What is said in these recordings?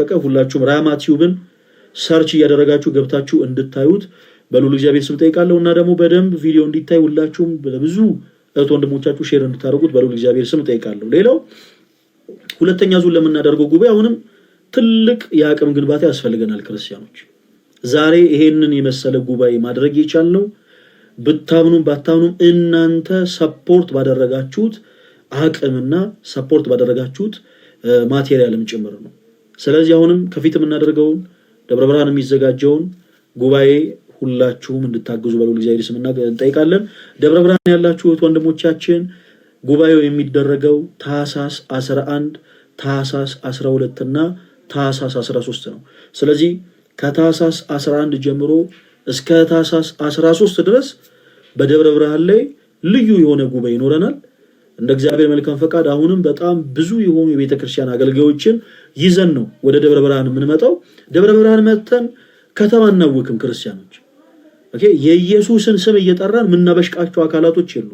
በቃ ሁላችሁም ራማ ቲዩብን ሰርች እያደረጋችሁ ገብታችሁ እንድታዩት በሉሉ እግዚአብሔር ስም ጠይቃለሁ እና ደግሞ በደንብ ቪዲዮ እንዲታይ ሁላችሁም ለብዙ እህት ወንድሞቻችሁ ሼር እንድታደርጉት በሉሉ እግዚአብሔር ስም ጠይቃለሁ። ሌላው ሁለተኛ ዙር ለምናደርገው ጉባኤ አሁንም ትልቅ የአቅም ግንባታ ያስፈልገናል ክርስቲያኖች። ዛሬ ይሄንን የመሰለ ጉባኤ ማድረግ የቻልነው ብታምኑም ባታምኑም እናንተ ሰፖርት ባደረጋችሁት አቅምና ሰፖርት ባደረጋችሁት ማቴሪያልም ጭምር ነው። ስለዚህ አሁንም ከፊት የምናደርገውን ደብረ ብርሃን የሚዘጋጀውን ጉባኤ ሁላችሁም እንድታግዙ በሉ እግዚአብሔር ስምና እንጠይቃለን። ደብረ ብርሃን ያላችሁት ወንድሞቻችን ጉባኤው የሚደረገው ታህሳስ 11 ታህሳስ 12 እና ታህሳስ 13 ነው። ስለዚህ ከታህሳስ 11 ጀምሮ እስከ ታህሳስ 13 ድረስ በደብረ ብርሃን ላይ ልዩ የሆነ ጉባኤ ይኖረናል። እንደ እግዚአብሔር መልካም ፈቃድ አሁንም በጣም ብዙ የሆኑ የቤተ ክርስቲያን አገልጋዮችን ይዘን ነው ወደ ደብረ ብርሃን የምንመጣው። ደብረ ብርሃን መጥተን ከተማ እናውክም። ክርስቲያኖች የኢየሱስን ስም እየጠራን የምናበሽቃቸው አካላቶች የሉ።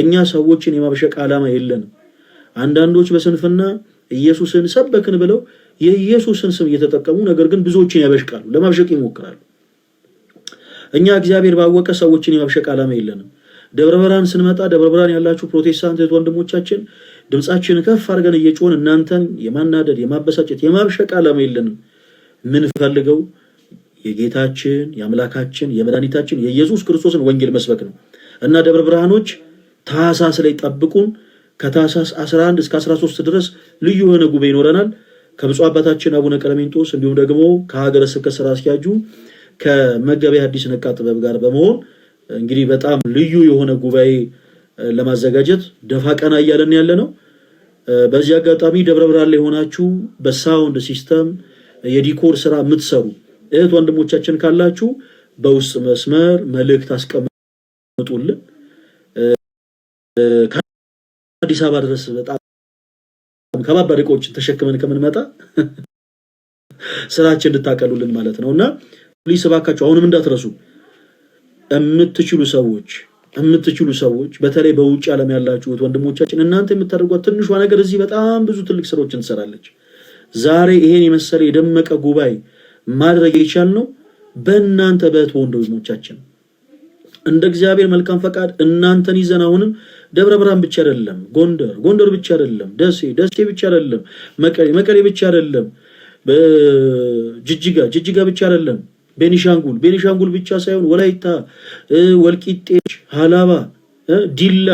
እኛ ሰዎችን የማበሸቅ ዓላማ የለንም። አንዳንዶች በስንፍና ኢየሱስን ሰበክን ብለው የኢየሱስን ስም እየተጠቀሙ ነገር ግን ብዙዎችን ያበሽቃሉ፣ ለማብሸቅ ይሞክራሉ። እኛ እግዚአብሔር ባወቀ ሰዎችን የማብሸቅ ዓላማ የለንም። ደብረ ብርሃን ስንመጣ ደብረ ብርሃን ያላችሁ ፕሮቴስታንት እህት ወንድሞቻችን ድምፃችን ከፍ አድርገን እየጮን እናንተን የማናደድ የማበሳጨት የማብሸቅ ዓላማ የለንም። ምንፈልገው የጌታችን የአምላካችን የመድኃኒታችን የኢየሱስ ክርስቶስን ወንጌል መስበክ ነው እና ደብረ ብርሃኖች ታህሳስ ላይ ጠብቁን። ከታህሳስ 11 እስከ 13 ድረስ ልዩ የሆነ ጉባኤ ይኖረናል ከብፁዕ አባታችን አቡነ ቀለሜንጦስ እንዲሁም ደግሞ ከሀገረ ስብከት ስራ አስኪያጁ ከመገበያ አዲስ ነቃ ጥበብ ጋር በመሆን እንግዲህ በጣም ልዩ የሆነ ጉባኤ ለማዘጋጀት ደፋ ቀና እያለን ያለ ነው። በዚህ አጋጣሚ ደብረ ብርሃን ላይ የሆናችሁ በሳውንድ ሲስተም የዲኮር ስራ የምትሰሩ እህት ወንድሞቻችን ካላችሁ በውስጥ መስመር መልእክት አስቀምጡልን። ከአዲስ አበባ ድረስ በጣም ከባባድ እቃዎችን ተሸክመን ከምንመጣ ስራችን እንድታቀሉልን ማለት ነው እና ፕሊስ እባካችሁ አሁንም እንዳትረሱ የምትችሉ ሰዎች የምትችሉ ሰዎች በተለይ በውጭ ዓለም ያላችሁት ወንድሞቻችን እናንተ የምታደርጓት ትንሿ ነገር እዚህ በጣም ብዙ ትልቅ ስራዎችን ትሰራለች። ዛሬ ይሄን የመሰለ የደመቀ ጉባኤ ማድረግ የቻልነው በእናንተ በእህት ወንድሞቻችን እንደ እግዚአብሔር መልካም ፈቃድ እናንተን ይዘን አሁንም ደብረ ብርሃን ብቻ አይደለም፣ ጎንደር ጎንደር ብቻ አይደለም፣ ደሴ ደሴ ብቻ አይደለም፣ መቀሌ መቀሌ ብቻ አይደለም፣ ጅጅጋ ጅጅጋ ብቻ አይደለም ቤኒሻንጉል ቤኒሻንጉል ብቻ ሳይሆን ወላይታ፣ ወልቂጤች፣ ሀላባ፣ ዲላ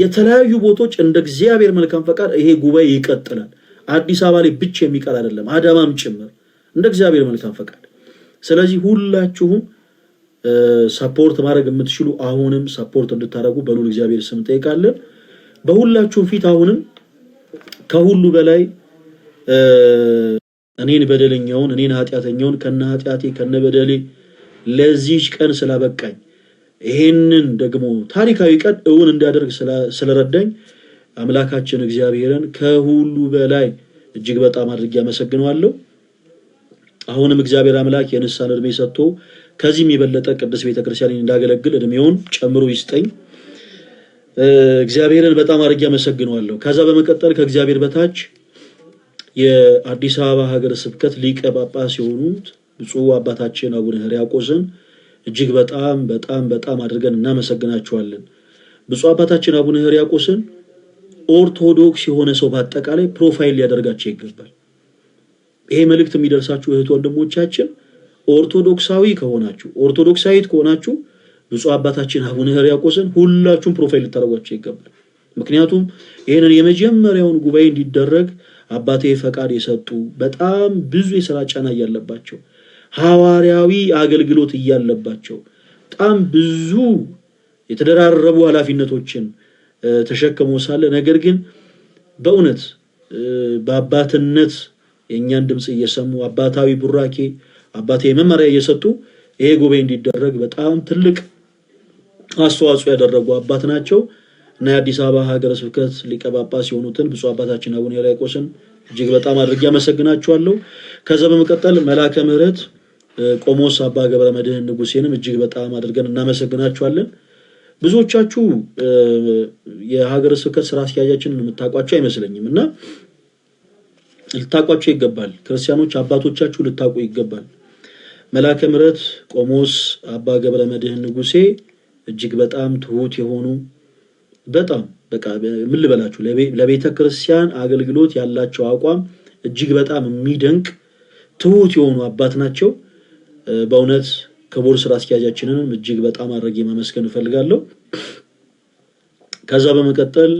የተለያዩ ቦታዎች እንደ እግዚአብሔር መልካም ፈቃድ ይሄ ጉባኤ ይቀጥላል። አዲስ አበባ ላይ ብቻ የሚቀር አይደለም፣ አዳማም ጭምር እንደ እግዚአብሔር መልካም ፈቃድ። ስለዚህ ሁላችሁም ሰፖርት ማድረግ የምትችሉ አሁንም ሰፖርት እንድታደረጉ በሉል እግዚአብሔር ስም ጠይቃለን። በሁላችሁም ፊት አሁንም ከሁሉ በላይ እኔን በደለኛውን እኔን ኃጢአተኛውን ከነ ኃጢአቴ ከነ በደሌ ለዚች ቀን ስላበቃኝ ይሄንን ደግሞ ታሪካዊ ቀን እውን እንዳደርግ ስለረዳኝ አምላካችን እግዚአብሔርን ከሁሉ በላይ እጅግ በጣም አድርጌ አመሰግነዋለሁ። አሁንም እግዚአብሔር አምላክ የንሳን እድሜ ሰጥቶ ከዚህም የበለጠ ቅድስት ቤተክርስቲያን እንዳገለግል እድሜውን ጨምሮ ይስጠኝ። እግዚአብሔርን በጣም አድርጌ አመሰግነዋለሁ። ከዛ በመቀጠል ከእግዚአብሔር በታች የአዲስ አበባ ሀገር ስብከት ሊቀ ጳጳስ የሆኑት ብፁዕ አባታችን አቡነ ሕርያቆስን እጅግ በጣም በጣም በጣም አድርገን እናመሰግናቸዋለን። ብፁዕ አባታችን አቡነ ሕርያቆስን ኦርቶዶክስ የሆነ ሰው በአጠቃላይ ፕሮፋይል ሊያደርጋቸው ይገባል። ይሄ መልእክት የሚደርሳችሁ እህት ወንድሞቻችን ኦርቶዶክሳዊ ከሆናችሁ ኦርቶዶክሳዊት ከሆናችሁ ብፁዕ አባታችን አቡነ ሕርያቆስን ሁላችሁም ፕሮፋይል ልታደርጓቸው ይገባል። ምክንያቱም ይህንን የመጀመሪያውን ጉባኤ እንዲደረግ አባቴ ፈቃድ የሰጡ በጣም ብዙ የስራ ጫና እያለባቸው ሐዋርያዊ አገልግሎት እያለባቸው በጣም ብዙ የተደራረቡ ኃላፊነቶችን ተሸክሞ ሳለ ነገር ግን በእውነት በአባትነት የእኛን ድምፅ እየሰሙ አባታዊ ቡራኬ አባቴ መመሪያ እየሰጡ ይሄ ጉባኤ እንዲደረግ በጣም ትልቅ አስተዋጽኦ ያደረጉ አባት ናቸው እና የአዲስ አበባ ሀገረ ስብከት ሊቀ ጳጳስ የሆኑትን ብፁ አባታችን አቡነ ኢላቆስን እጅግ በጣም አድርጌ አመሰግናችኋለሁ። ከዛ በመቀጠል መላከ ምሕረት ቆሞስ አባ ገብረ መድህን ንጉሴንም እጅግ በጣም አድርገን እናመሰግናችኋለን። ብዙዎቻችሁ የሀገረ ስብከት ስራ አስኪያጃችን የምታውቋቸው አይመስለኝም እና ልታውቋቸው ይገባል። ክርስቲያኖች አባቶቻችሁ ልታውቁ ይገባል። መላከ ምሕረት ቆሞስ አባ ገብረ መድህን ንጉሴ እጅግ በጣም ትሁት የሆኑ በጣም በቃ ምን ልበላችሁ ለቤተ ክርስቲያን አገልግሎት ያላቸው አቋም እጅግ በጣም የሚደንቅ ትሁት የሆኑ አባት ናቸው። በእውነት ክቡር ስራ አስኪያጃችንንም እጅግ በጣም አድርጌ መመስገን እፈልጋለሁ። ከዛ በመቀጠል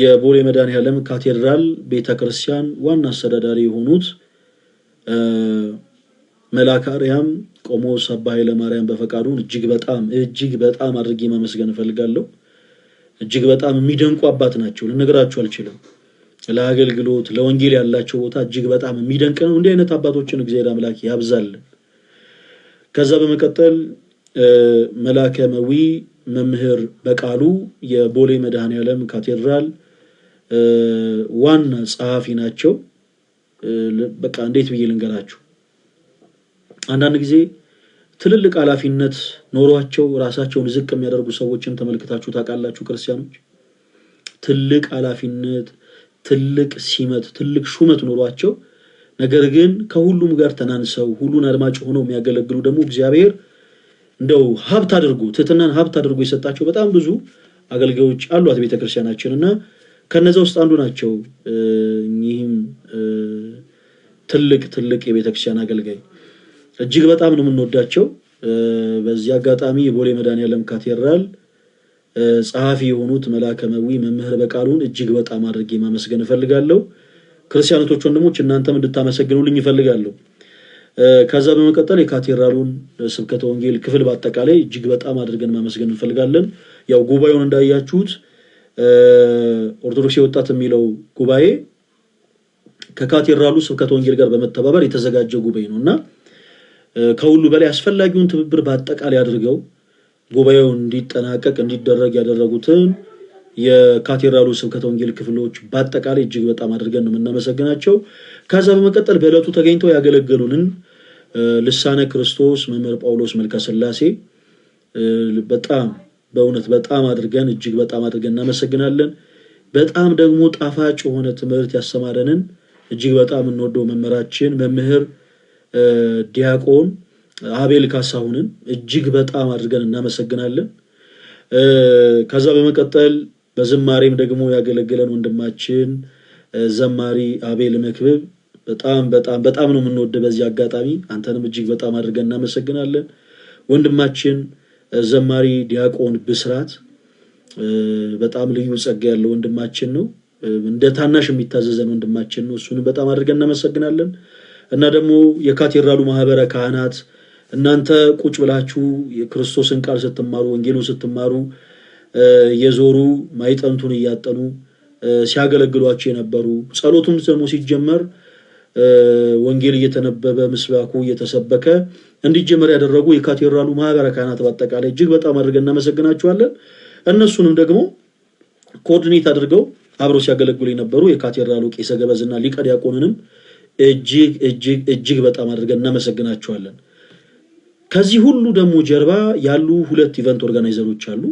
የቦሌ መድኃኔዓለም ካቴድራል ቤተ ክርስቲያን ዋና አስተዳዳሪ የሆኑት መልአከ አርያም ቆሞስ አባ ኃይለማርያም በፈቃዱን እጅግ በጣም እጅግ በጣም አድርጌ መመስገን እፈልጋለሁ። እጅግ በጣም የሚደንቁ አባት ናቸው። ልነግራችሁ አልችልም። ለአገልግሎት ለወንጌል ያላቸው ቦታ እጅግ በጣም የሚደንቅ ነው። እንዲህ አይነት አባቶችን እግዚአብሔር አምላክ ያብዛልን። ከዛ በመቀጠል መዊ መምህር በቃሉ የቦሌ መድኃኔ ዓለም ካቴድራል ዋና ጸሐፊ ናቸው። በቃ እንዴት ብዬ ልንገራችሁ አንዳንድ ጊዜ ትልልቅ ኃላፊነት ኖሯቸው ራሳቸውን ዝቅ የሚያደርጉ ሰዎችን ተመልክታችሁ ታውቃላችሁ? ክርስቲያኖች ትልቅ ኃላፊነት፣ ትልቅ ሲመት፣ ትልቅ ሹመት ኖሯቸው ነገር ግን ከሁሉም ጋር ተናንሰው ሁሉን አድማጭ ሆነው የሚያገለግሉ ደግሞ እግዚአብሔር እንደው ሀብት አድርጎ ትህትናን ሀብት አድርጎ የሰጣቸው በጣም ብዙ አገልጋዮች አሏት ቤተክርስቲያናችን እና ከነዚ ውስጥ አንዱ ናቸው። ይህም ትልቅ ትልቅ የቤተክርስቲያን አገልጋይ እጅግ በጣም ነው የምንወዳቸው። በዚህ አጋጣሚ የቦሌ መድኃኔዓለም ካቴድራል ጸሐፊ የሆኑት መልአከ መዊ መምህር በቃሉን እጅግ በጣም አድርጌ ማመስገን እፈልጋለሁ። ክርስቲያኖቶች ወንድሞች፣ እናንተም እንድታመሰግኑልኝ እፈልጋለሁ። ከዛ በመቀጠል የካቴድራሉን ስብከተ ወንጌል ክፍል በአጠቃላይ እጅግ በጣም አድርገን ማመስገን እንፈልጋለን። ያው ጉባኤውን እንዳያችሁት ኦርቶዶክስ የወጣት የሚለው ጉባኤ ከካቴድራሉ ስብከተ ወንጌል ጋር በመተባበር የተዘጋጀ ጉባኤ ነው እና ከሁሉ በላይ አስፈላጊውን ትብብር በአጠቃላይ አድርገው ጉባኤው እንዲጠናቀቅ እንዲደረግ ያደረጉትን የካቴድራሉ ስብከተ ወንጌል ክፍሎች በአጠቃላይ እጅግ በጣም አድርገን ነው የምናመሰግናቸው። ከዛ በመቀጠል በዕለቱ ተገኝተው ያገለገሉንን ልሳነ ክርስቶስ መምህር ጳውሎስ መልካ ስላሴ በጣም በእውነት በጣም አድርገን እጅግ በጣም አድርገን እናመሰግናለን። በጣም ደግሞ ጣፋጭ የሆነ ትምህርት ያሰማረንን እጅግ በጣም እንወደው መምህራችን መምህር ዲያቆን አቤል ካሳሁንን እጅግ በጣም አድርገን እናመሰግናለን። ከዛ በመቀጠል በዝማሬም ደግሞ ያገለገለን ወንድማችን ዘማሪ አቤል መክብብ በጣም በጣም በጣም ነው የምንወድ። በዚህ አጋጣሚ አንተንም እጅግ በጣም አድርገን እናመሰግናለን። ወንድማችን ዘማሪ ዲያቆን ብስራት በጣም ልዩ ጸጋ ያለው ወንድማችን ነው። እንደ ታናሽ የሚታዘዘን ወንድማችን ነው። እሱንም በጣም አድርገን እናመሰግናለን። እና ደግሞ የካቴድራሉ ማህበረ ካህናት እናንተ ቁጭ ብላችሁ የክርስቶስን ቃል ስትማሩ ወንጌሉን ስትማሩ የዞሩ ማይጠንቱን እያጠኑ ሲያገለግሏቸው የነበሩ ጸሎቱም ደግሞ ሲጀመር ወንጌል እየተነበበ ምስባኩ እየተሰበከ እንዲጀመር ያደረጉ የካቴድራሉ ማህበረ ካህናት በአጠቃላይ እጅግ በጣም አድርገን እናመሰግናችኋለን። እነሱንም ደግሞ ኮኦርዲኔት አድርገው አብረው ሲያገለግሉ የነበሩ የካቴድራሉ ቄሰ ገበዝና ሊቀ ዲያቆንንም እጅግ እጅግ እጅግ በጣም አድርገን እናመሰግናቸዋለን። ከዚህ ሁሉ ደግሞ ጀርባ ያሉ ሁለት ኢቨንት ኦርጋናይዘሮች አሉ።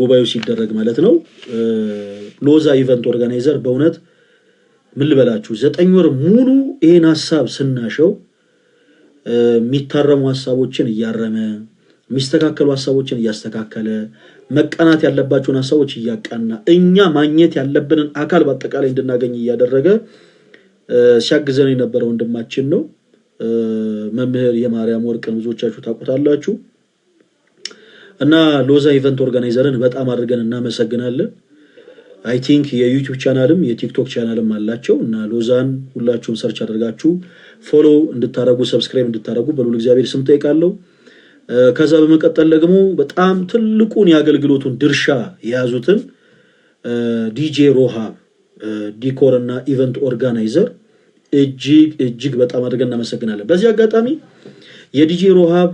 ጉባኤው ሲደረግ ማለት ነው። ሎዛ ኢቨንት ኦርጋናይዘር በእውነት ምን ልበላችሁ፣ ዘጠኝ ወር ሙሉ ይህን ሀሳብ ስናሸው የሚታረሙ ሀሳቦችን እያረመ የሚስተካከሉ ሀሳቦችን እያስተካከለ መቀናት ያለባቸውን ሀሳቦች እያቀና እኛ ማግኘት ያለብንን አካል በአጠቃላይ እንድናገኝ እያደረገ ሲያግዘን የነበረ ወንድማችን ነው። መምህር የማርያም ወርቅን ብዙዎቻችሁ ታቁታላችሁ። እና ሎዛ ኢቨንት ኦርጋናይዘርን በጣም አድርገን እናመሰግናለን። አይ ቲንክ የዩቲዩብ ቻናልም የቲክቶክ ቻናልም አላቸው እና ሎዛን ሁላችሁም ሰርች አድርጋችሁ ፎሎ እንድታደረጉ ሰብስክራይብ እንድታደረጉ በሉል እግዚአብሔር ስም ጠይቃለሁ። ከዛ በመቀጠል ደግሞ በጣም ትልቁን የአገልግሎቱን ድርሻ የያዙትን ዲጄ ሮሃ ዲኮር እና ኢቨንት ኦርጋናይዘር እጅግ እጅግ በጣም አድርገን እናመሰግናለን። በዚህ አጋጣሚ የዲጄ ሮሃብ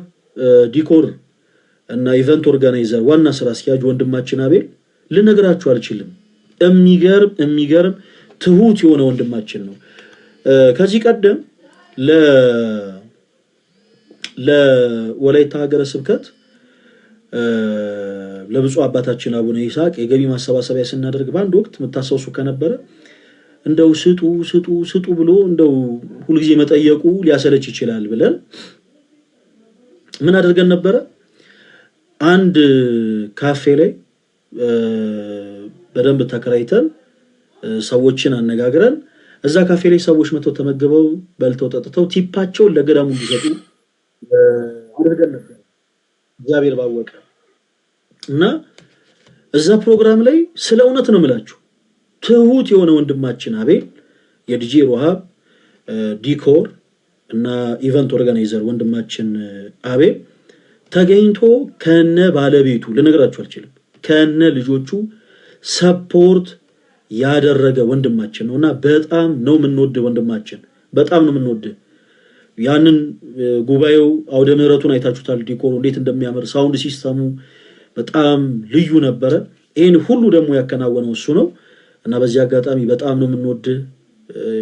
ዲኮር እና ኢቨንት ኦርጋናይዘር ዋና ስራ አስኪያጅ ወንድማችን አቤል ልነግራችሁ አልችልም። የሚገርም የሚገርም ትሁት የሆነ ወንድማችን ነው። ከዚህ ቀደም ለወላይታ ሀገረ ስብከት ለብፁ አባታችን አቡነ ይስሐቅ የገቢ ማሰባሰቢያ ስናደርግ በአንድ ወቅት የምታስታውሱ ከነበረ እንደው ስጡ ስጡ ስጡ ብሎ እንደው ሁልጊዜ መጠየቁ ሊያሰለች ይችላል ብለን ምን አድርገን ነበረ? አንድ ካፌ ላይ በደንብ ተከራይተን ሰዎችን አነጋግረን እዛ ካፌ ላይ ሰዎች መጥተው ተመግበው በልተው ጠጥተው ቲፓቸውን ለገዳሙ እንዲሰጡ አድርገን ነበር። እግዚአብሔር ባወቀ እና እዛ ፕሮግራም ላይ ስለ እውነት ነው የምላችሁ ትሁት የሆነ ወንድማችን አቤል የዲጄ ሮሃብ ዲኮር እና ኢቨንት ኦርጋናይዘር ወንድማችን አቤል ተገኝቶ ከነ ባለቤቱ ልነግራችሁ አልችልም፣ ከነ ልጆቹ ሰፖርት ያደረገ ወንድማችን ነው እና በጣም ነው የምንወድ ወንድማችን፣ በጣም ነው የምንወድ። ያንን ጉባኤው አውደ ምሕረቱን አይታችሁታል። ዲኮሩ እንዴት እንደሚያምር ሳውንድ ሲስተሙ በጣም ልዩ ነበረ። ይህን ሁሉ ደግሞ ያከናወነው እሱ ነው። እና በዚህ አጋጣሚ በጣም ነው የምንወድ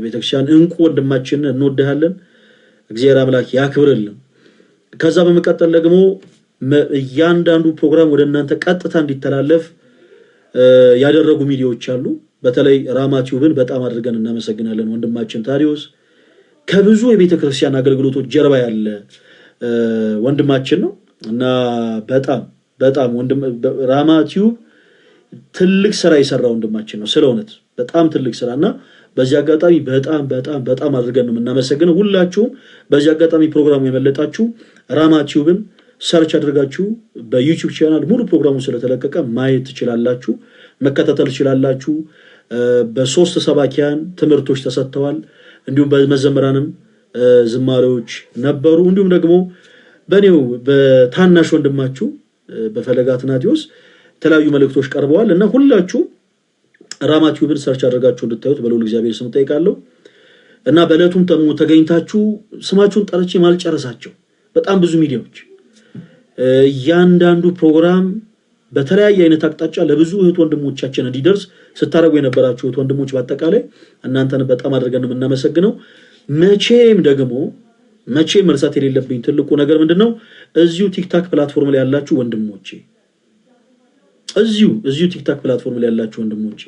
ቤተክርስቲያን እንቁ ወንድማችን እንወድሃለን። እግዚአብሔር አምላክ ያክብርልን። ከዛ በመቀጠል ደግሞ እያንዳንዱ ፕሮግራም ወደ እናንተ ቀጥታ እንዲተላለፍ ያደረጉ ሚዲያዎች አሉ። በተለይ ራማ ቲዩብን በጣም አድርገን እናመሰግናለን። ወንድማችን ታዲዮስ ከብዙ የቤተ ክርስቲያን አገልግሎቶች ጀርባ ያለ ወንድማችን ነው እና በጣም በጣም ራማ ቲዩብ ትልቅ ስራ የሰራ ወንድማችን ነው። ስለ እውነት በጣም ትልቅ ስራ እና በዚህ አጋጣሚ በጣም በጣም በጣም አድርገን ነው የምናመሰግነው። ሁላችሁም በዚህ አጋጣሚ ፕሮግራሙ የመለጣችሁ ራማ ቲዩብን ሰርች አድርጋችሁ በዩቲዩብ ቻናል ሙሉ ፕሮግራሙ ስለተለቀቀ ማየት ትችላላችሁ፣ መከታተል ትችላላችሁ። በሶስት ሰባኪያን ትምህርቶች ተሰጥተዋል። እንዲሁም በመዘምራንም ዝማሬዎች ነበሩ። እንዲሁም ደግሞ በእኔው በታናሽ ወንድማችሁ በፈለጋ አትናቴዎስ የተለያዩ መልእክቶች ቀርበዋል እና ሁላችሁም ራማ ቲዩብን ሰርች አድርጋችሁ እንድታዩት በልዑል እግዚአብሔር ስም ጠይቃለሁ እና በእለቱም ተሙ ተገኝታችሁ ስማችሁን ጠርቼ ማልጨረሳቸው በጣም ብዙ ሚዲያዎች እያንዳንዱ ፕሮግራም በተለያየ አይነት አቅጣጫ ለብዙ እህት ወንድሞቻችን እንዲደርስ ስታደረጉ የነበራችሁ እህት ወንድሞች በአጠቃላይ እናንተን በጣም አድርገን የምናመሰግነው። መቼም ደግሞ መቼም መርሳት የሌለብኝ ትልቁ ነገር ምንድን ነው፣ እዚሁ ቲክታክ ፕላትፎርም ላይ ያላችሁ ወንድሞቼ እዚሁ እዚሁ ቲክታክ ፕላትፎርም ላይ ያላችሁ ወንድሞቼ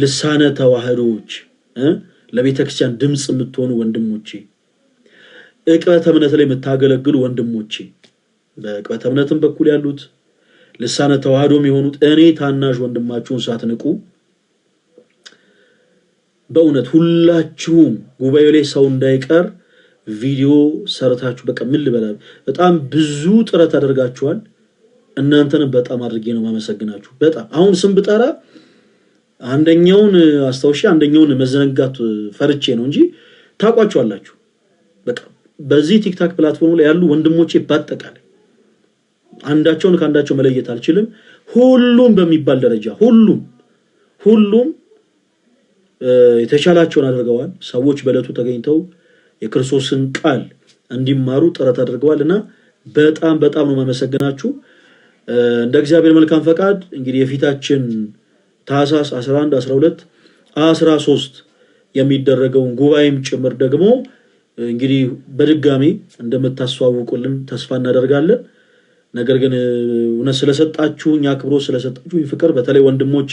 ልሳነ ተዋህዶዎች ለቤተ ክርስቲያን ድምፅ የምትሆኑ ወንድሞቼ እቅበተ እምነት ላይ የምታገለግሉ ወንድሞቼ በእቅበተ እምነትም በኩል ያሉት ልሳነ ተዋህዶም የሆኑት እኔ ታናሽ ወንድማችሁን ሳትንቁ በእውነት ሁላችሁም ጉባኤው ላይ ሰው እንዳይቀር ቪዲዮ ሰርታችሁ በቃ ምን ልበላ በጣም ብዙ ጥረት አደርጋችኋል። እናንተንም በጣም አድርጌ ነው ማመሰግናችሁ። በጣም አሁን ስም ብጠራ አንደኛውን አስታውሼ አንደኛውን መዘነጋት ፈርቼ ነው እንጂ ታውቋቸዋላችሁ። በቃ በዚህ ቲክታክ ፕላትፎርም ላይ ያሉ ወንድሞቼ ባጠቃላይ አንዳቸውን ከአንዳቸው መለየት አልችልም። ሁሉም በሚባል ደረጃ ሁሉም ሁሉም የተቻላቸውን አድርገዋል። ሰዎች በዕለቱ ተገኝተው የክርስቶስን ቃል እንዲማሩ ጥረት አድርገዋል እና በጣም በጣም ነው የማመሰግናችሁ። እንደ እግዚአብሔር መልካም ፈቃድ እንግዲህ የፊታችን ታህሳስ 11፣ 12፣ 13 የሚደረገውን ጉባኤም ጭምር ደግሞ እንግዲህ በድጋሚ እንደምታስተዋውቁልን ተስፋ እናደርጋለን። ነገር ግን እውነት እኛ ክብሮ ስለሰጣችሁ ፍቅር፣ በተለይ ወንድሞቼ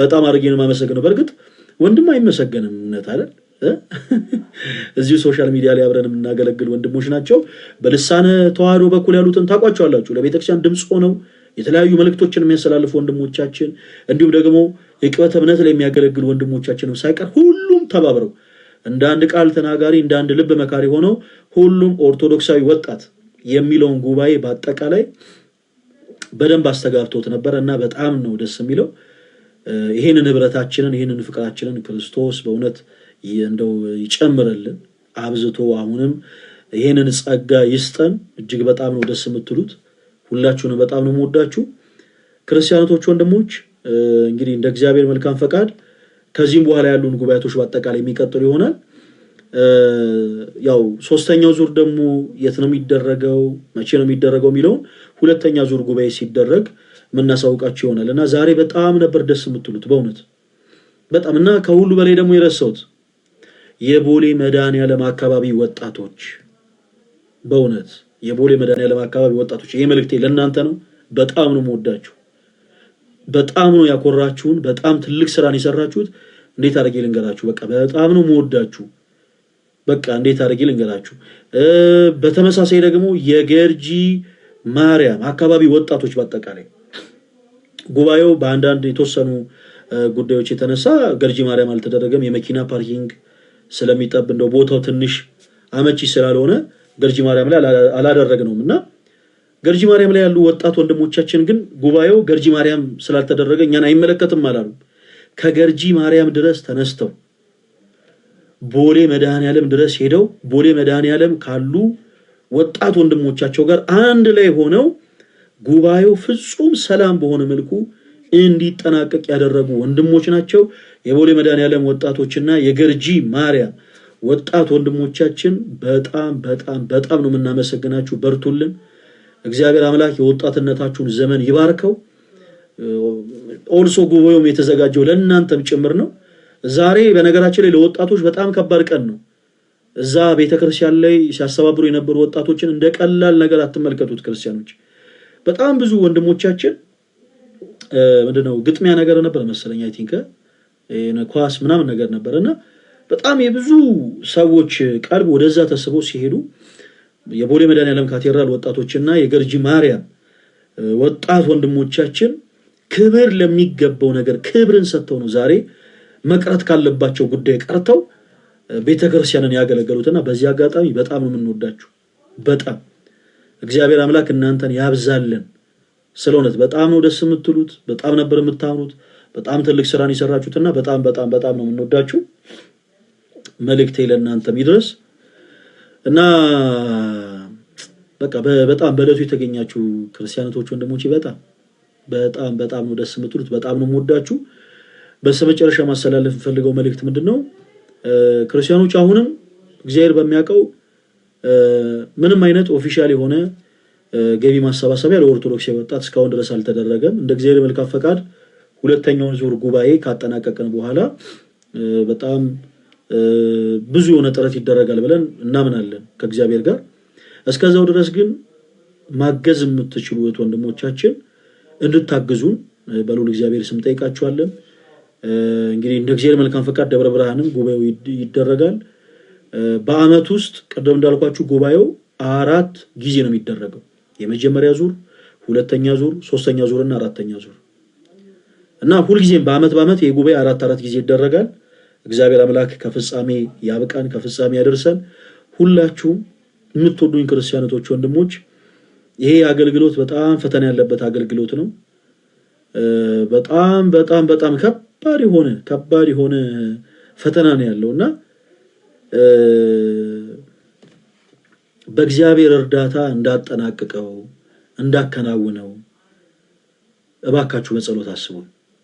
በጣም አድርጌ ነው የማመሰግነው። በእርግጥ ወንድም አይመሰገንም እውነት አይደል? እዚሁ ሶሻል ሚዲያ ላይ አብረን የምናገለግል ወንድሞች ናቸው። በልሳነ ተዋህዶ በኩል ያሉትን ታቋቸዋላችሁ ለቤተክርስቲያን ድምፅ ሆነው የተለያዩ መልክቶችን የሚያስተላልፉ ወንድሞቻችን፣ እንዲሁም ደግሞ የቅበት እምነት ላይ የሚያገለግሉ ወንድሞቻችንም ሳይቀር ሁሉም ተባብረው እንደ አንድ ቃል ተናጋሪ እንደ አንድ ልብ መካሪ ሆነው ሁሉም ኦርቶዶክሳዊ ወጣት የሚለውን ጉባኤ በአጠቃላይ በደንብ አስተጋብቶት ነበረ እና በጣም ነው ደስ የሚለው። ይህንን ህብረታችንን ይህንን ፍቅራችንን ክርስቶስ በእውነት እንደው ይጨምርልን አብዝቶ አሁንም ይሄንን ጸጋ ይስጠን። እጅግ በጣም ነው ደስ የምትሉት። ሁላችሁንም በጣም ነው የምወዳችሁ ክርስቲያኖቶች፣ ወንድሞች። እንግዲህ እንደ እግዚአብሔር መልካም ፈቃድ ከዚህም በኋላ ያሉን ጉባኤቶች በአጠቃላይ የሚቀጥሉ ይሆናል። ያው ሶስተኛው ዙር ደግሞ የት ነው የሚደረገው፣ መቼ ነው የሚደረገው የሚለውን ሁለተኛ ዙር ጉባኤ ሲደረግ የምናሳውቃቸው ይሆናል እና ዛሬ በጣም ነበር ደስ የምትሉት በእውነት በጣም እና ከሁሉ በላይ ደግሞ የረሳሁት የቦሌ መድኃኔዓለም አካባቢ ወጣቶች በእውነት የቦሌ መድኃኔዓለም አካባቢ ወጣቶች ይህ መልእክቴ ለእናንተ ነው። በጣም ነው የምወዳችሁ። በጣም ነው ያኮራችሁን። በጣም ትልቅ ስራን የሰራችሁት። እንዴት አድርጌ ልንገራችሁ? በቃ በጣም ነው የምወዳችሁ። በቃ እንዴት አድርጌ ልንገራችሁ? በተመሳሳይ ደግሞ የገርጂ ማርያም አካባቢ ወጣቶች በአጠቃላይ ጉባኤው በአንዳንድ የተወሰኑ ጉዳዮች የተነሳ ገርጂ ማርያም አልተደረገም። የመኪና ፓርኪንግ ስለሚጠብ እንደው ቦታው ትንሽ አመቺ ስላልሆነ ገርጂ ማርያም ላይ አላደረግነውም እና ገርጂ ማርያም ላይ ያሉ ወጣት ወንድሞቻችን ግን ጉባኤው ገርጂ ማርያም ስላልተደረገ እኛን አይመለከትም አላሉ። ከገርጂ ማርያም ድረስ ተነስተው ቦሌ መድኃኔ ዓለም ድረስ ሄደው ቦሌ መድኃኔ ዓለም ካሉ ወጣት ወንድሞቻቸው ጋር አንድ ላይ ሆነው ጉባኤው ፍጹም ሰላም በሆነ መልኩ እንዲጠናቀቅ ያደረጉ ወንድሞች ናቸው። የቦሌ መድኃኔዓለም ወጣቶችና የገርጂ ማርያም ወጣት ወንድሞቻችን በጣም በጣም በጣም ነው የምናመሰግናችሁ። በርቱልን። እግዚአብሔር አምላክ የወጣትነታችሁን ዘመን ይባርከው። ኦልሶ ጉባኤውም የተዘጋጀው ለእናንተም ጭምር ነው። ዛሬ በነገራችን ላይ ለወጣቶች በጣም ከባድ ቀን ነው። እዛ ቤተክርስቲያን ላይ ሲያስተባብሩ የነበሩ ወጣቶችን እንደ ቀላል ነገር አትመልከቱት ክርስቲያኖች። በጣም ብዙ ወንድሞቻችን ምንድነው ግጥሚያ ነገር ነበር መሰለኝ አይ ቲንክ ኳስ ምናምን ነገር ነበር እና በጣም የብዙ ሰዎች ቀልብ ወደዛ ተስቦ ሲሄዱ የቦሌ መድኃኔዓለም ካቴድራል ወጣቶችና የገርጂ ማርያም ወጣት ወንድሞቻችን ክብር ለሚገባው ነገር ክብርን ሰጥተው ነው ዛሬ መቅረት ካለባቸው ጉዳይ ቀርተው ቤተክርስቲያንን ያገለገሉትና በዚህ አጋጣሚ በጣም ነው የምንወዳችሁ። በጣም እግዚአብሔር አምላክ እናንተን ያብዛልን። ስለ እውነት በጣም ነው ደስ የምትሉት። በጣም ነበር የምታምኑት በጣም ትልቅ ስራን የሰራችሁትና በጣም በጣም በጣም ነው የምንወዳችሁ። መልእክቴ ለእናንተም ይድረስ እና በቃ በጣም በእለቱ የተገኛችሁ ክርስቲያኖች ወንድሞቼ በጣም በጣም በጣም ነው ደስ የምትሉት። በጣም ነው የምወዳችሁ። በስተመጨረሻ ማስተላለፍ የምፈልገው መልእክት ምንድን ነው? ክርስቲያኖች አሁንም እግዚአብሔር በሚያውቀው ምንም አይነት ኦፊሻል የሆነ ገቢ ማሰባሰቢያ ለኦርቶዶክስ የመጣት እስካሁን ድረስ አልተደረገም። እንደ እግዚአብሔር መልካም ፈቃድ ሁለተኛውን ዙር ጉባኤ ካጠናቀቅን በኋላ በጣም ብዙ የሆነ ጥረት ይደረጋል ብለን እናምናለን ከእግዚአብሔር ጋር። እስከዛው ድረስ ግን ማገዝ የምትችሉት ወንድሞቻችን እንድታግዙን በሉል እግዚአብሔር ስም ጠይቃችኋለን። እንግዲህ እንደ እግዚአብሔር መልካም ፈቃድ ደብረ ብርሃንም ጉባኤው ይደረጋል። በአመት ውስጥ ቅድም እንዳልኳችሁ ጉባኤው አራት ጊዜ ነው የሚደረገው። የመጀመሪያ ዙር፣ ሁለተኛ ዙር፣ ሶስተኛ ዙር እና አራተኛ ዙር እና ሁልጊዜም በአመት በአመት የጉባኤ አራት አራት ጊዜ ይደረጋል። እግዚአብሔር አምላክ ከፍጻሜ ያብቃን፣ ከፍጻሜ ያደርሰን። ሁላችሁም የምትወዱኝ ክርስቲያኖቶች፣ ወንድሞች ይሄ አገልግሎት በጣም ፈተና ያለበት አገልግሎት ነው። በጣም በጣም በጣም ከባድ የሆነ ከባድ የሆነ ፈተና ነው ያለው እና በእግዚአብሔር እርዳታ እንዳጠናቅቀው እንዳከናውነው እባካችሁ በጸሎት አስቡ።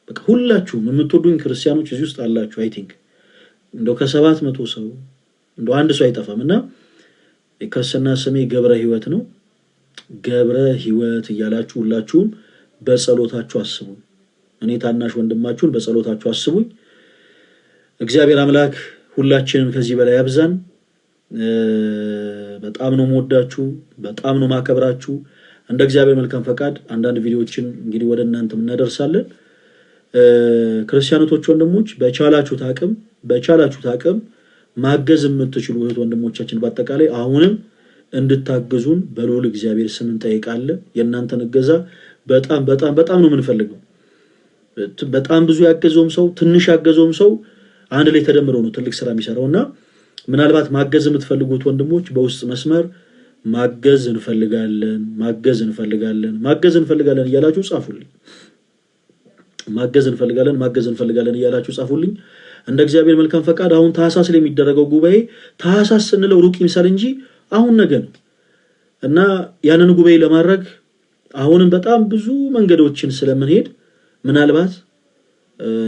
በቃ ሁላችሁም የምትወዱኝ ክርስቲያኖች እዚህ ውስጥ አላችሁ። አይ ቲንክ እንደው ከሰባት መቶ ሰው እንደ አንድ ሰው አይጠፋም እና የክርስትና ስሜ ገብረ ህይወት ነው። ገብረ ህይወት እያላችሁ ሁላችሁም በጸሎታችሁ አስቡ። እኔ ታናሽ ወንድማችሁን በጸሎታችሁ አስቡኝ። እግዚአብሔር አምላክ ሁላችንም ከዚህ በላይ ያብዛን። በጣም ነው መወዳችሁ፣ በጣም ነው ማከብራችሁ። እንደ እግዚአብሔር መልካም ፈቃድ አንዳንድ ቪዲዮዎችን እንግዲህ ወደ እናንተም እናደርሳለን። ክርስቲያኖቶች ወንድሞች፣ በቻላችሁት አቅም በቻላችሁት አቅም ማገዝ የምትችሉ እህት ወንድሞቻችን በአጠቃላይ አሁንም እንድታግዙን በልዑል እግዚአብሔር ስም እንጠይቃለን። የእናንተን እገዛ በጣም በጣም በጣም ነው የምንፈልገው። በጣም ብዙ ያገዘውም ሰው ትንሽ ያገዘውም ሰው አንድ ላይ ተደምረው ነው ትልቅ ስራ የሚሰራው እና ምናልባት ማገዝ የምትፈልጉት ወንድሞች በውስጥ መስመር ማገዝ እንፈልጋለን፣ ማገዝ እንፈልጋለን፣ ማገዝ እንፈልጋለን እያላችሁ ጻፉልኝ። ማገዝ እንፈልጋለን፣ ማገዝ እንፈልጋለን እያላችሁ ጻፉልኝ። እንደ እግዚአብሔር መልካም ፈቃድ አሁን ታህሳስ ለሚደረገው ጉባኤ ታህሳስ ስንለው ሩቅ ይምሰል እንጂ አሁን ነገ ነው እና ያንን ጉባኤ ለማድረግ አሁንም በጣም ብዙ መንገዶችን ስለምንሄድ ምናልባት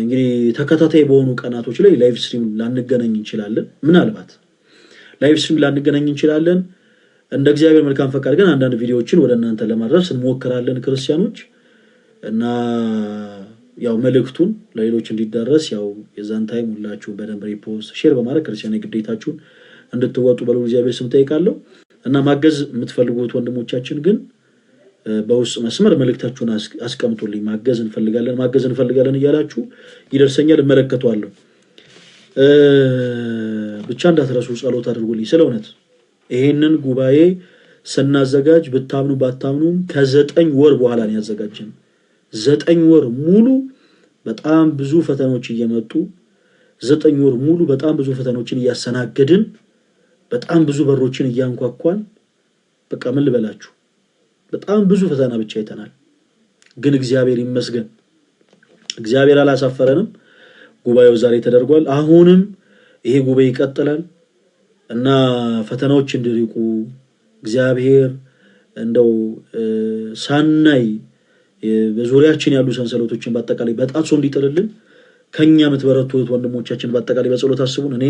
እንግዲህ ተከታታይ በሆኑ ቀናቶች ላይ ላይቭ ስትሪም ላንገናኝ እንችላለን። ምናልባት ላይቭ ስትሪም ላንገናኝ እንችላለን። እንደ እግዚአብሔር መልካም ፈቃድ ግን አንዳንድ ቪዲዮዎችን ወደ እናንተ ለማድረስ እንሞክራለን ክርስቲያኖች እና ያው መልእክቱን ለሌሎች እንዲደረስ ያው የዛን ታይም ሁላችሁ በደንብ ሪፖስት፣ ሼር በማድረግ ክርስቲያን ግዴታችሁን እንድትወጡ በሉ እግዚአብሔር ስም ጠይቃለሁ እና ማገዝ የምትፈልጉት ወንድሞቻችን ግን በውስጥ መስመር መልእክታችሁን አስቀምጡልኝ። ማገዝ እንፈልጋለን ማገዝ እንፈልጋለን እያላችሁ ይደርሰኛል፣ እመለከተዋለሁ። ብቻ እንዳትረሱ ጸሎት አድርጉልኝ። ስለ እውነት ይሄንን ጉባኤ ስናዘጋጅ ብታምኑ ባታምኑም ከዘጠኝ ወር በኋላ ነው ያዘጋጀን። ዘጠኝ ወር ሙሉ በጣም ብዙ ፈተናዎች እየመጡ ዘጠኝ ወር ሙሉ በጣም ብዙ ፈተናዎችን እያስተናገድን በጣም ብዙ በሮችን እያንኳኳን በቃ ምን ልበላችሁ በጣም ብዙ ፈተና ብቻ አይተናል። ግን እግዚአብሔር ይመስገን፣ እግዚአብሔር አላሳፈረንም። ጉባኤው ዛሬ ተደርጓል። አሁንም ይሄ ጉባኤ ይቀጥላል እና ፈተናዎች እንዲርቁ እግዚአብሔር እንደው ሳናይ በዙሪያችን ያሉ ሰንሰለቶችን በአጠቃላይ በጣሶ እንዲጥልልን ከኛ የምትበረቱት ወንድሞቻችን በአጠቃላይ በጸሎት አስቡን። እኔ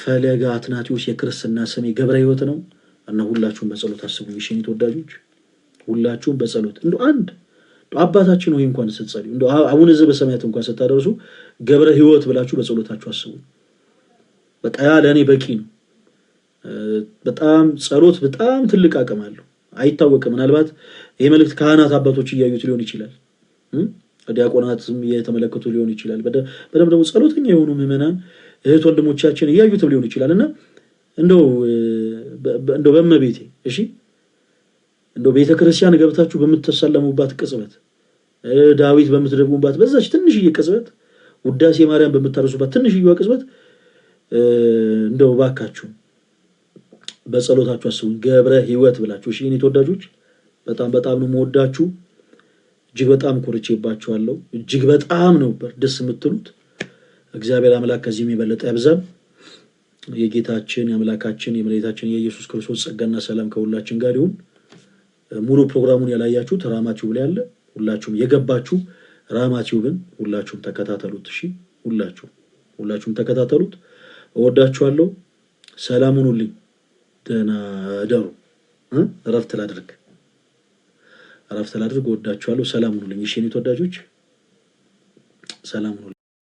ፈለገ አትናቴዎስ የክርስትና ስሜ ገብረ ሕይወት ነው። እና ሁላችሁም በጸሎት አስቡ እሺ ተወዳጆች፣ ሁላችሁም በጸሎት እንደ አንድ አባታችን ወይ እንኳን ስትጸልዩ እንደ አቡነ ዘበሰማያት እንኳን ስታደርሱ ገብረ ህይወት ብላችሁ በጸሎታችሁ አስቡ። በቃ ያ ለእኔ በቂ ነው። በጣም ጸሎት በጣም ትልቅ አቅም አለው። አይታወቅም። ምናልባት ይህ መልእክት ካህናት አባቶች እያዩት ሊሆን ይችላል። ዲያቆናትም የተመለከቱ ሊሆን ይችላል። በደንብ ደግሞ ጸሎተኛ የሆኑ ምእመናን እህት ወንድሞቻችን እያዩትም ሊሆን ይችላል እና እንደው እንደ በመቤቴ እሺ እንደ ቤተ ክርስቲያን ገብታችሁ በምትሰለሙባት ቅጽበት ዳዊት በምትደግሙባት በዛች ትንሽዬ ቅጽበት ውዳሴ ማርያም በምታረሱባት ትንሽዬዋ ቅጽበት እንደው ባካችሁ በጸሎታችሁ አስቡኝ። ገብረ ሕይወት ብላችሁ እሺ፣ እኔ ተወዳጆች በጣም በጣም ነው መወዳችሁ። እጅግ በጣም ኮርቼባችኋለሁ። እጅግ በጣም ነው ደስ የምትሉት። እግዚአብሔር አምላክ ከዚህም የበለጠ ያብዛን። የጌታችን የአምላካችን የመድኃኒታችን የኢየሱስ ክርስቶስ ጸጋና ሰላም ከሁላችን ጋር ይሁን። ሙሉ ፕሮግራሙን ያላያችሁት ራማ ቲዩብ ላይ አለ። ሁላችሁም የገባችሁ ራማ ግን ሁላችሁም ተከታተሉት። እሺ፣ ሁላችሁ ሁላችሁም ተከታተሉት። እወዳችኋለሁ። ሰላም ሁኑልኝ። ደህና እደሩ። እረፍት ላድርግ፣ እረፍት ላድርግ። እወዳችኋለሁ። ሰላም ሁኑልኝ። እሺ፣ የእኔ ተወዳጆች ሰላም ሁኑልኝ።